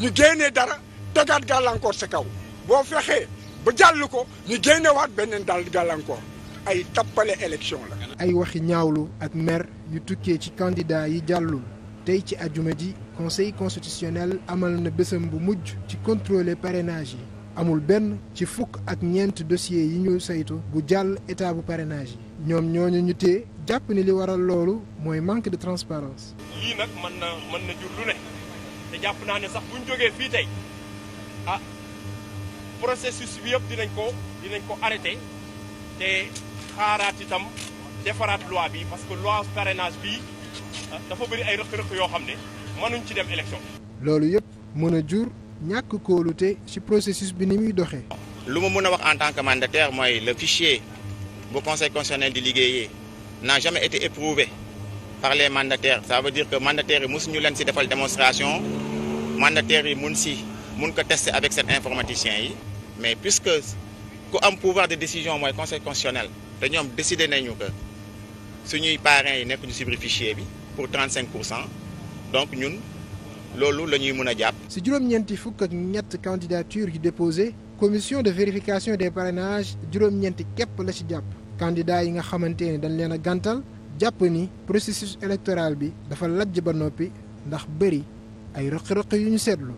ñu génnee dara tegaat gàllankoor sa kaw boo fexee ba jàll ko ñu génnewaat beneen daal gàllankoor ay tappale élection la. ay waxi ñaawlu ak mer yu tukkee ci candidat yi jàllul tey ci ajuma ji conseil constitutionnel amal na bésam bu mujj ci contrôler parrainage yi amul benn ci fukk ak ñeent dossier yi ñu saytu bu jàll état bu parenage yi. ñoom ñooñu ñu jàpp ni li waral loolu mooy manque de transparence. yii nag mën na mën na jur ne. te jàpp naa ne sax bu ñu jógee fii tey ah processus bi yëpp dinañ ko dinañ ko arrêté te xaaraat itam defaraat loi bi parce que loi parrainage bi ah, dafa bëri ay rëq-rëq yoo xam ne mënuñ ci dem élection. loolu yëpp mën a jur ñàkk kóolute ci processus bi ni muy doxee. lu ma mën a wax en tant que mandataire mooy le fichier bu conseil constitutionnel di liggéeye n'a jamais été éprouvé. par les mandataires ça veut dire que mandataires yi mosuñu leen si defal démonstration mandataires yi mun si mun ko tester avec seen informaticiens yi mais puisque ku am pouvoir de décision mooy conseil constitutionnel dañoom ñoom décidé nañu que suñuy parrains yi nekkuñu ñu bi pour 35 pour cent donc ñun loolu la ñuy mën a jàpp. si juróom-ñeenti fukk ak ñett candidature yu déposé commission de vérification des parrainages juróom-ñeenti képp la ci jàpp. candidat yi nga xamante ne dañ leen a gàntal. jàpp ni processus électoral bi dafa lajj ba noppi ndax bëri ay rëq-rëq yu ñu seetlu